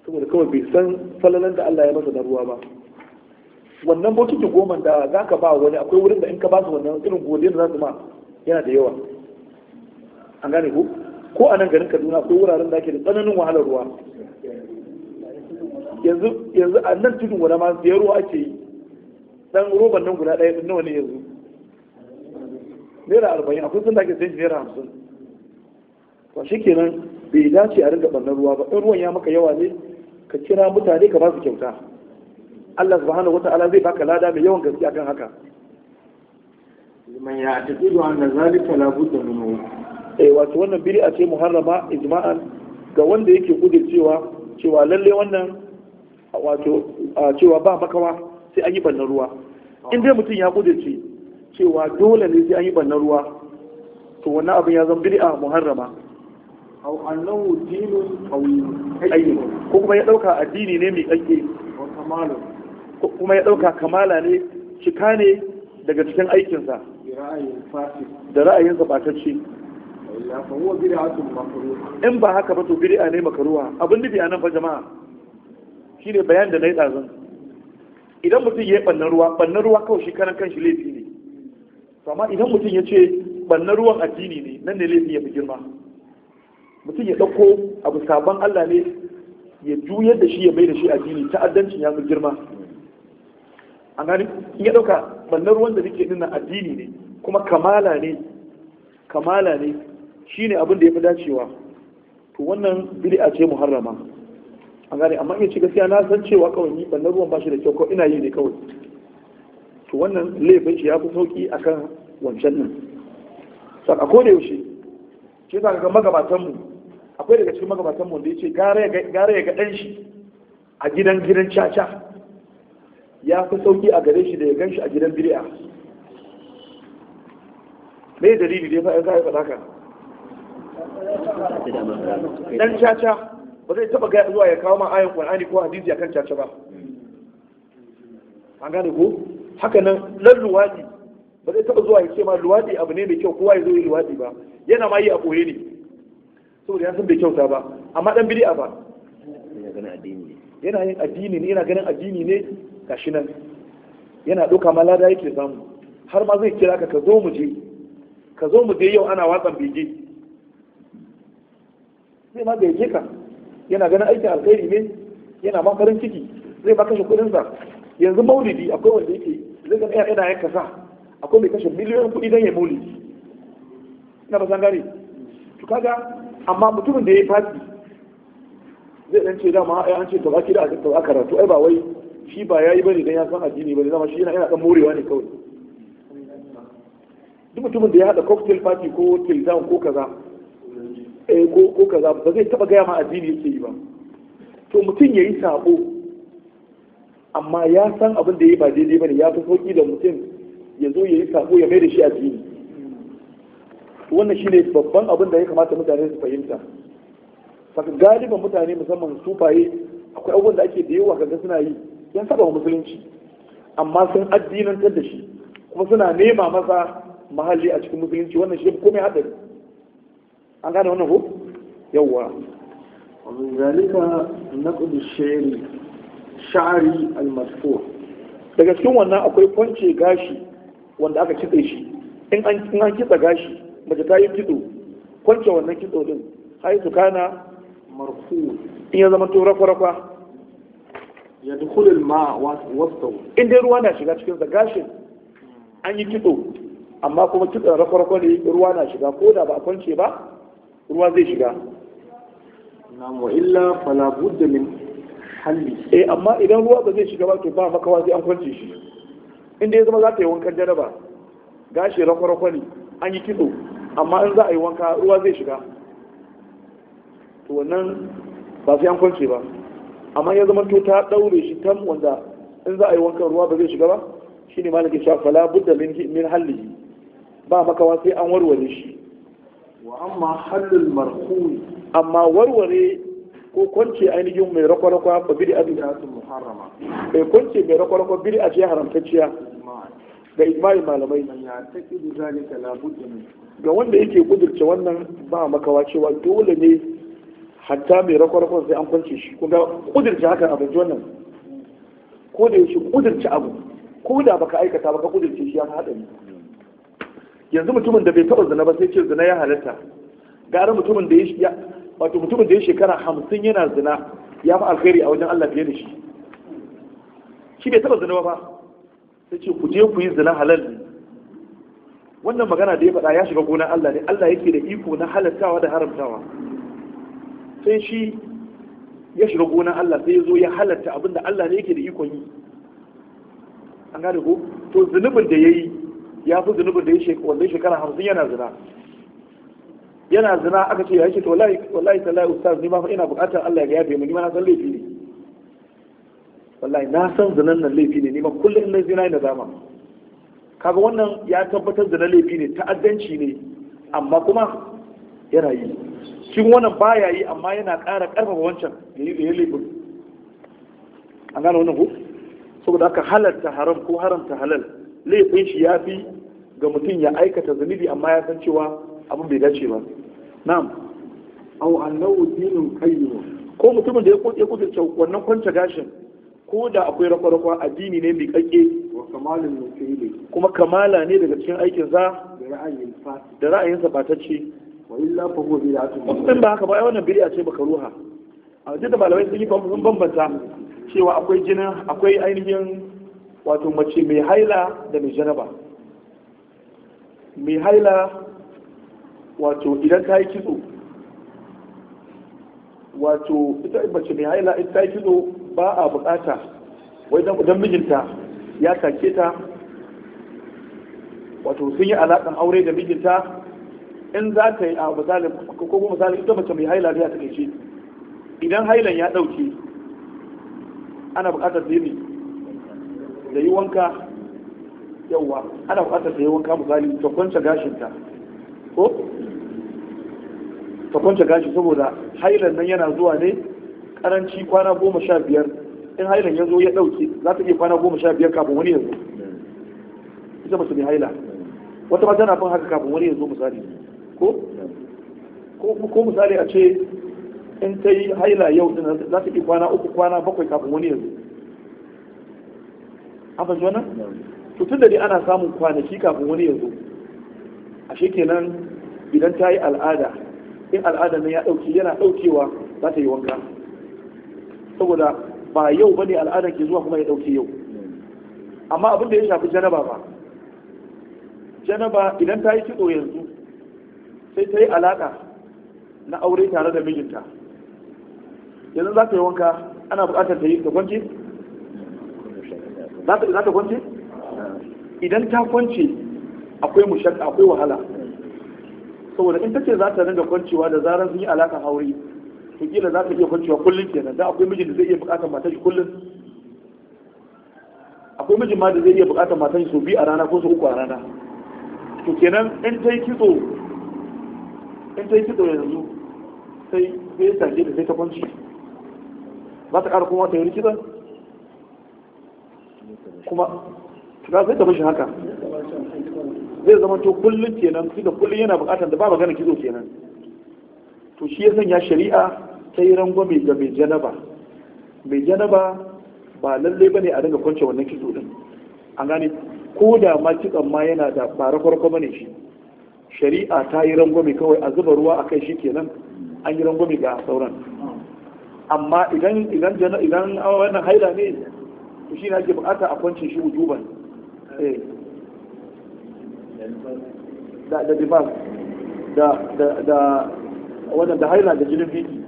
saboda kawai bai san falalan da Allah ya masa da ruwa ba wannan bokiti goma da za ka ba wani akwai wurin da in ka ba su wannan irin godiyar za su ma yana da yawa an gane ko ko a nan garin Kaduna akwai wuraren da ake da tsananin wahalar ruwa yanzu a nan tudun wani ma siya ake yi dan roban nan guda ɗaya nawa ne yanzu naira arba'in akwai sun da ake sayan naira hamsin to shi kenan bai dace a rinka ɓannan ruwa ba Ɗan ruwan ya maka yawa ne ka kira mutane ka ba su kyauta Allah subhanahu wata'ala zai baka lada mai yawan gaske akan haka man ya tafi da anna zalika la budda minhu eh wato wannan bid'a ce muharrama ijma'an ga wanda yake cewa cewa lalle wannan wato cewa ba makawa sai an yi bannan ruwa in dai mutum ya kudirce cewa dole ne sai an yi bannan ruwa to wannan abin ya zama bid'a muharrama aw annahu dinun qawiy ko kuma ya dauka addini ne mai kake ko kuma ya dauka kamala ne cika ne daga cikin aikinsa da ra'ayinsa batacce in ba haka ba to bid'a ne makaruwa abin nufi a nan fa jama'a shi ne bayan da na yi ɗazin idan mutum ya yi ɓannan ruwa ɓannan ruwa kawai shi kanan kanshi laifi ne amma idan mutum ya ce ɓannan ruwan addini ne nan ne laifi ya fi girma mutum ya ɗauko abu sabon Allah ne ya juyar da shi ya mai da shi addini ta'addancin ya fi girma a gani in ya ɗauka ɓannan ruwan da nake nuna addini ne kuma kamala ne kamala ne shine abin da ya fi dacewa to wannan bid'a ce muharrama an gane amma in ce gaskiya na san cewa kawai ni ban ruwan bashi da kyau ko ina yi ne kawai to wannan laifin shi ya fi sauki akan wancan nan sai a koda yaushe shi za ga magabatan mu akwai daga cikin magabatan mu da yace gara ya ga dan shi a gidan gidan caca ya fi sauki a gare shi da ya ganshi a gidan biri'a me dalili dai fa ya faɗa haka dan caca ba zai taba gaya zuwa ya kawo ma ayan qur'ani ko hadisi akan caca ba an gane ko haka nan lan luwadi ba zai taba zuwa ya ce ma luwadi abu ne mai kyau kowa ya zo yi luwadi ba yana ma yi a koye ne saboda ya san bai kyauta ba amma dan a ba yana yin addini ne yana ganin addini ne gashi nan yana ɗauka ma lada yake samu har ma zai kira ka ka zo mu je ka zo mu je yau ana watsan bege zai ma bege ka yana ganin aikin alkhairi ne yana ma farin ciki zai ba kashe kudin sa yanzu maulidi akwai wanda yake zai ga ɗaya ɗaya yanka sa akwai mai kashe miliyoyin kuɗi don ya maulidi ina ba san gane to kaga amma mutumin da ya yi fati zai dan ce dama ai an ce to aki da a karatu ai ba wai shi ba yayi bane dan ya san addini bane zama shi yana yana dan morewa ne kawai duk mutumin da ya hada cocktail party ko till ko kaza ko ko kaza ba zai taba gaya ma addini yake yi ba to mutum ya yi sabo amma ya san abin da ya yi ba daidai ba ne ya fi sauki da mutum ya zo ya yi sabo ya mai da shi addini wannan shi ne babban abin da ya kamata mutane su fahimta saka galiban mutane musamman su faye akwai abubuwan da ake da yawa kaga suna yi yan saba wa musulunci amma sun addinantar da shi kuma suna nema masa mahalli a cikin musulunci wannan shi komai haɗari an gane wannan ko yawwa na ذلك shari, shari al المدفوع daga cikin wannan akwai kwance gashi wanda aka kitse shi in an kitsa gashi mace ta yi kitso kwance wannan kitso din hai su kana marfu in ya zama to rakwa rakwa ya dukulul ma wasu in dai ruwa na shiga cikin gashin an yi kitso amma kuma kitsa rakwa rakwa ne ruwa na shiga ko da ba a kwance ba ruwa zai shiga namu illa fala budda min halli eh amma idan ruwa ba zai shiga ba to ba makawa sai an kwance shi inda ya zama za ta yi wankan jaraba gashi rakwa ne an yi kitso amma in za a yi wanka ruwa zai shiga to wannan ba sai an kwance ba amma ya zama to ta daure shi tam wanda in za a yi wankan ruwa ba zai shiga ba shine malaki shafala fala budda min halli ba makawa sai an warware shi wa amma halin marhumi amma warware ko kwance ainihin mai rakwarakwa ba biri a muharrama bai eh, kwance mai rakwarakwa biri a ce haramtacciya ga ijma'in malamai ga wanda yake kudurce wannan ba makawa cewa dole ne hatta mai rakwarakwa sai an kwance shi kuma kudurce haka a bai wannan ko da yake kudurce abu ko da baka aikata baka kudurce shi ya haɗari yanzu mutumin da bai taɓa zina ba sai ce zina ya halatta gara mutumin da ya wato mutumin da ya shekara hamsin yana zina ya fi alkhairi a wajen Allah fiye da shi shi bai taɓa zina ba sai ce ku je ku yi zina halal ne wannan magana da ya faɗa ya shiga gonar Allah ne Allah yake da iko na halattawa da haramtawa sai shi ya shiga gonar Allah sai ya zo ya halatta abinda Allah ne yake da iko yi an gane ko to zunubin da ya yi ya fi zunubin da ya wanda shekara hamsin yana zina yana zina aka ce ya yake to wallahi tallahi ustaz ni ma fa ina buƙatar Allah ya yafe mu ni ma na san laifi ne wallahi na san zinan nan laifi ne ni ma kullum na zina ina dama kaga wannan ya tabbatar da na laifi ne ta'addanci ne amma kuma yana yi shin wannan baya yi amma yana ƙara ƙarfafa wancan da yi da ya laifin an gane wannan ku? saboda aka halarta haram ko haramta halal laifin shi ya fi ga mutum ya aikata zunubi amma ya san cewa abin bai dace ba na'am au annahu dinun qayyim ko mutumin da ya kuɗe kuɗe wannan kwanta gashin ko da akwai rakwa addini ne mai kakke wa kamalin mutili kuma kamala ne daga cikin aikin sa da ra'ayin sa batacce wa illa fa huwa bid'atun in ba haka ba ai wannan bid'a ce baka ruha a da malamai sun yi bambanta cewa akwai jinin akwai ainihin wato mace mai haila da mai janaba mai haila wato idan ta yi kitso wato ita mace mai haila ita ta yi kitso ba a bukata wai don mijinta ya take ta wato sun yi alaƙan aure da mijinta in za ta yi a misali ko kuma misali ita mace mai haila ne a takaice idan hailan ya ɗauke ana buƙatar zai da yi wanka yauwa ana buƙatar da yi wanka misali ta kwance gashinta ko ta kwance gashi saboda hailan nan yana zuwa ne karanci kwana goma sha biyar in hailan ya zo ya dauke za ta iya kwana goma sha biyar kafin wani ya zo ita mace mai haila wata ma tana bin haka kafin wani ya zo misali ko ko misali a ce in ta yi haila yau za ta iya kwana uku kwana bakwai kafin wani ya zo. an fahimci wannan to tun da dai ana samun kwanaki kafin wani yanzu. zo ashe kenan idan ta yi al'ada in al'ada ne ya ɗauki yana ɗaukewa za ta yi wanka saboda ba yau ba ne al'ada ke zuwa kuma ya ɗauke yau amma abin da ya shafi janaba ba janaba idan ta yi kitso yanzu sai ta yi alaƙa na aure tare da mijinta yanzu za ta yi wanka ana buƙatar ta yi ta kwanci za ta kwance idan ta kwanci akwai mushakka akwai wahala saboda in tace za ta ringa kwancewa da zarar sun yi alaka aure to kila za ta iya kwancewa kullum kenan da akwai mijin da zai iya bukatar matar shi kullum akwai mijin ma da zai iya bukatar matar shi sau bi a rana ko sau uku a rana to kenan in ta yi kitso in ta yi kitso yanzu sai sai ta je da sai ta kwanci za ta ƙara kuma ta yi kitson kuma ka sai ta mishi haka zai zama to kullum kenan da kullum yana bukatar da ba magana kizo kenan to shi ya sanya shari'a ta yi mai ga mai janaba mai janaba ba lallai bane a dinga kwance wannan kizo din an gane ko da ma kitsan ma yana da ba rakwarko bane shi shari'a ta yi rangwame kawai a zuba ruwa a kai shi kenan an yi rangwame ga sauran amma idan idan idan ah, wannan haila ne to shi ne ake bukata a kwanci shi wujuban eh. da da da da da wannan da haila da jinin biki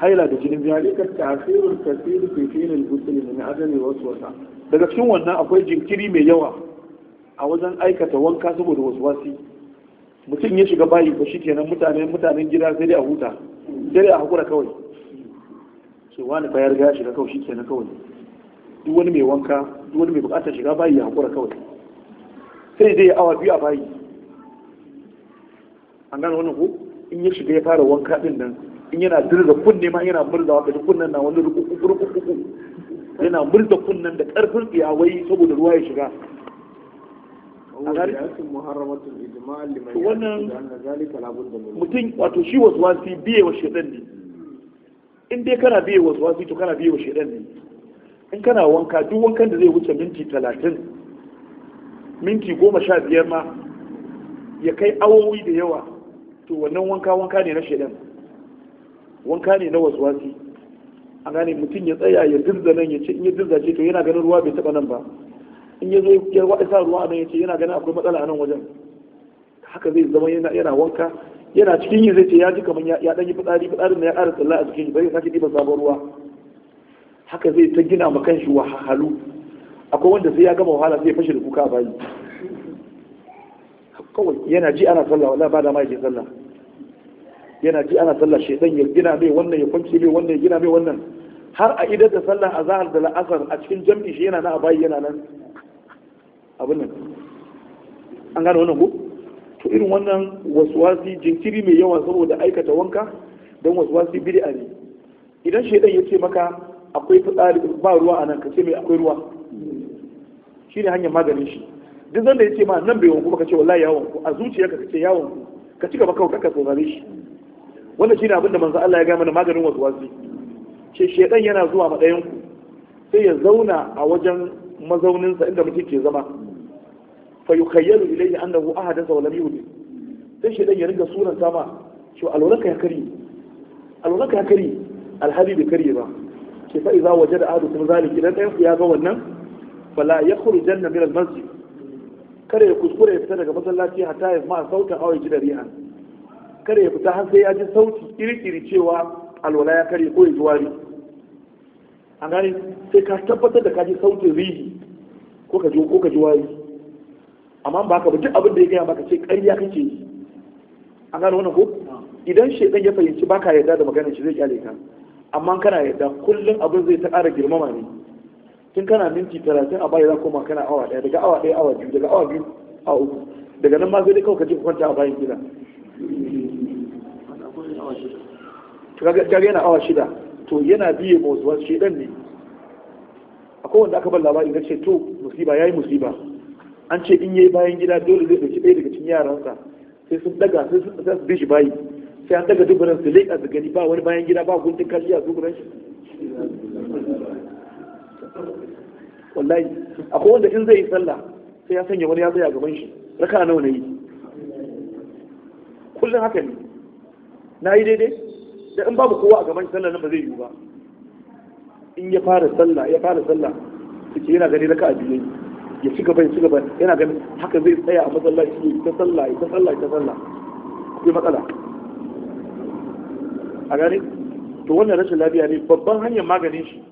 haila da jinin biki halika ta'sirul kathir fi fi'l al-ghusl min ajali waswasa daga cikin wannan akwai jinkiri mai yawa a wajen aikata wanka saboda waswasi mutum ya shiga bayi ba shi kenan mutane mutanen gida sai dai a huta sai dai a hakura kawai Sai wani bayar gashi na kawai shi kenan kawai duk wani mai wanka duk wani mai bukatar shiga bayi ya haƙura kawai sai dai awa biyu a bayi an gane wannan ko in ya shiga ya fara wanka din nan in yana dirza kunne ma yana murzawa kaji kunnen na wani rukuku yana murza kunnen da karfin tsiyawai saboda ruwa ya shiga A wannan mutum wato shi wasu wasu biye wa shaidan ne in dai kana biye wasu wasu to kana biye wa shaidan ne in kana wanka duk wankan da zai wuce minti talatin minti goma sha biyar ma ya kai awowi da yawa to wannan wanka wanka ne na shaidan wanka ne na waswasi a gane mutum ya tsaya ya dirza nan ya ce in ya dirza ce to yana ganin ruwa bai taba nan ba in ya zo ya sa ruwa nan ya ce yana ganin akwai matsala a nan wajen haka zai zama yana wanka yana cikin yi zai ce ya ji kamar ya ɗan yi fitsari fitsarin da ya ƙara tsalla a cikin shi bari sake ɗiba sabon ruwa haka zai ta gina ma kanshi wahalhalu akwai wanda sai ya gama wahala sai ya fashe da kuka a bayi kawai yana ji ana sallah wala ba da ma yake sallah yana ji ana sallah shedan ya gina mai wannan ya kwanci mai wannan ya gina mai wannan har a idar da sallah a zahar da la'asar a cikin jam'i shi yana na a bayi yana nan abin nan an gane wannan ko to irin wannan waswasi jinkiri mai yawa saboda aikata wanka don waswasi bid'a ne idan shedan ya ce maka akwai fitsari ba ruwa a nan ka ce mai akwai ruwa shi ne hanyar maganin shi duk zanda ya ce ma nan bai wanku ba ka ce wallahi ya wanku a zuciyarka ka ce ya wanku ka ci gaba kawai ka saurare shi wannan shine abin da manzo Allah ya gaya mana maganin wasu wasu ce shedan yana zuwa madayan sai ya zauna a wajen mazauninsa inda mutum ke zama fa yukayyalu ilayhi annahu ahadatha wa lam ne. sai shedan ya ringa sunan sama cewa alwalaka ya kari alwalaka ya kari alhali bai kari ba ke fa iza waje da adu kuma zalik idan ɗayan ya ga wannan fala ya kuru janna min masjid kada ya kuskure ya fita daga masallaci hatta ya ma sautin awai ji da riha kada ya fita har sai ya ji sauti kirkiri cewa alwala ya kare ko ya ji wari an gani sai ka tabbatar da ka ji sautin rihi ko ka ji ko ka ji wari amma ba ka ba duk abin da ya gaya maka ce ƙarya kake yi an gani wannan ko idan shedan ya fahimci baka yarda da maganar shi zai kyale ka amma kana yadda kullum abin zai ta ƙara girmama ne tun kana minti talatin a baya za koma kana awa ɗaya daga awa ɗaya awa biyu daga awa biyu a uku daga nan ma sai dai kawai ka kwanta a bayan gida kaga yana awa shida to yana biye ma shedan ne akwai wanda aka bar labari na ce to musiba yayi musiba an ce in yayi bayan gida dole zai ɗauki ɗaya daga cikin yaransa sai sun daga sai sun bi shi bayi sai an daga duburan su leƙa su gani ba wani bayan gida ba guntun kashi a duburan shi wallahi akwai wanda in zai yi sallah sai ya sanya wani ya tsaya gaban shi raka nawa na yi kullum haka ne na yi daidai da in babu kowa a gaban shi sallah nan ba zai yi ba in ya fara sallah ya fara sallah suke yana gani raka a biyu ya ci gaba ya ci gaba yana ganin haka zai tsaya a masallaci ya ta sallah ya ta sallah ya ta sallah akwai matsala a gane to wannan rashin lafiya ne babban hanyar maganin shi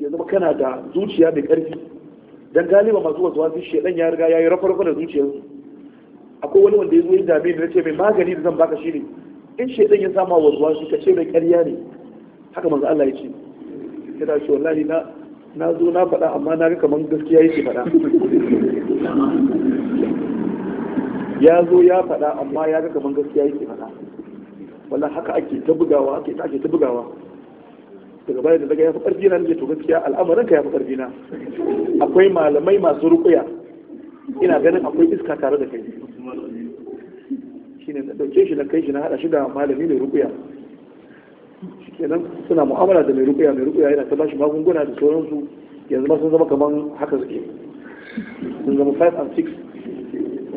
ya zama kana da zuciya mai ƙarfi dan galiba masu wasu wasu shi ya riga ya yi rafa-rafa da zuciyarsu akwai wani wanda ya zo ya dame ni ce mai magani da zan baka shi ne in shedan ya sama wasu wasu ka ce mai ƙarya ne haka manzo Allah ya ce yana ce wallahi na na zo na faɗa amma na ga kamar gaskiya yake faɗa ya zo ya faɗa amma ya ga kamar gaskiya yake faɗa wala haka ake ta bugawa ake ta ake ta bugawa daga baya da daga ya fi ƙarfi na ne to gaskiya al'amarin ka ya fi ƙarfi na akwai malamai masu ruƙuya ina ganin akwai iska tare da kai shine da dauke shi na kai shi na hada shi da malami mai ruƙuya kenan suna mu'amala da mai ruƙuya mai ruƙuya yana ta bashi magunguna da sauransu yanzu ma sun zama kaman haka suke sun zama 5 and 6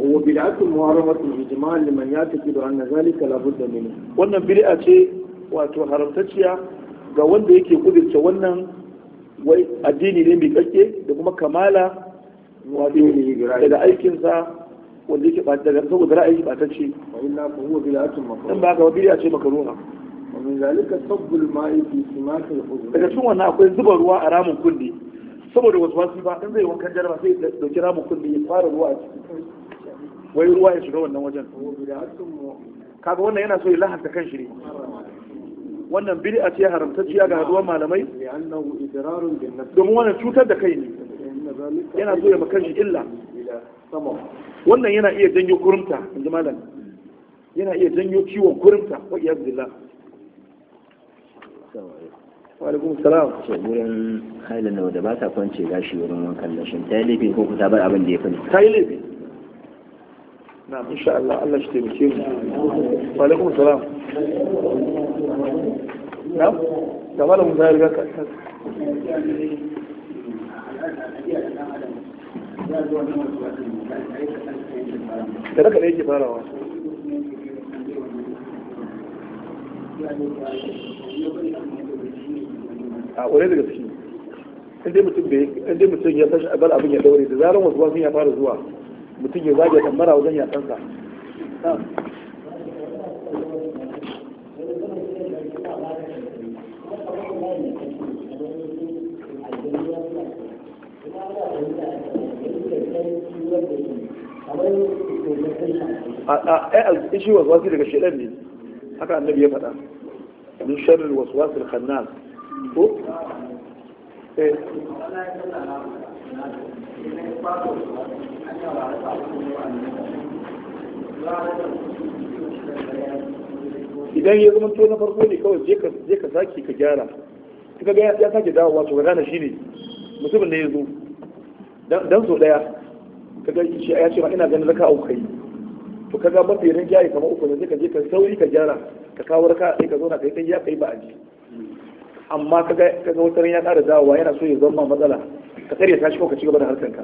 وبدعة محرمة إجماع لمن يعتقد أن ذلك لا بد منه wannan bid'a ce wato haramtacciya ga wanda yake kudurce wannan wai addini ne mai kakke da kuma kamala wato daga aikinsa wanda yake ba daga saboda ra'ayi ba ta ce in ba ka bid'a ce makaruha ومن ذلك صب الماء في سماك الحزن daga cikin wannan akwai zuba ruwa a ramin kundi saboda wasu wasu ba in zai wankan jarabar sai dauki ramin kundi ya fara ruwa a ciki wai ruwa ya shiga wannan wajen kaga wannan yana so ya lahanta kan shi ne wannan bid'a ce haramtacciya ga haduwar malamai domin wannan cutar da kai ne yana so ya makan shi illa wannan yana iya janyo kurumta ji malam yana iya janyo ciwon kurumta wa iya billah wa alaikum salam ce gurin halin da ba ta kwance gashi wurin wankan lashin ta yi laifin ko kusa ta bar abin da ya fi ta yi laifin na'am wa salam a ya tashi da zarar wasu wasu ya fara zuwa mutum ya zage tambara wajen yatsansa a shi waswasi daga shaidan ne haka annabi ya faɗa min sharri waswasi khannas ko eh idan ya zama to na farko ne kawai je ka sake ka gyara ka ga ya sake dawowa to gana shi ne mutumin ne ya zo dan so daya ka ga shi ya ce ma ina ganin raka uku kai to ka ga mafi rin gyari kamar uku ne zai ka je ka sauri ka gyara ka kawo raka sai ka zauna kai kai ya kai ba a ji amma ka ga wata ya kara dawowa yana so ya zama matsala ka tsare ta shi ko ka ci gaba da ka.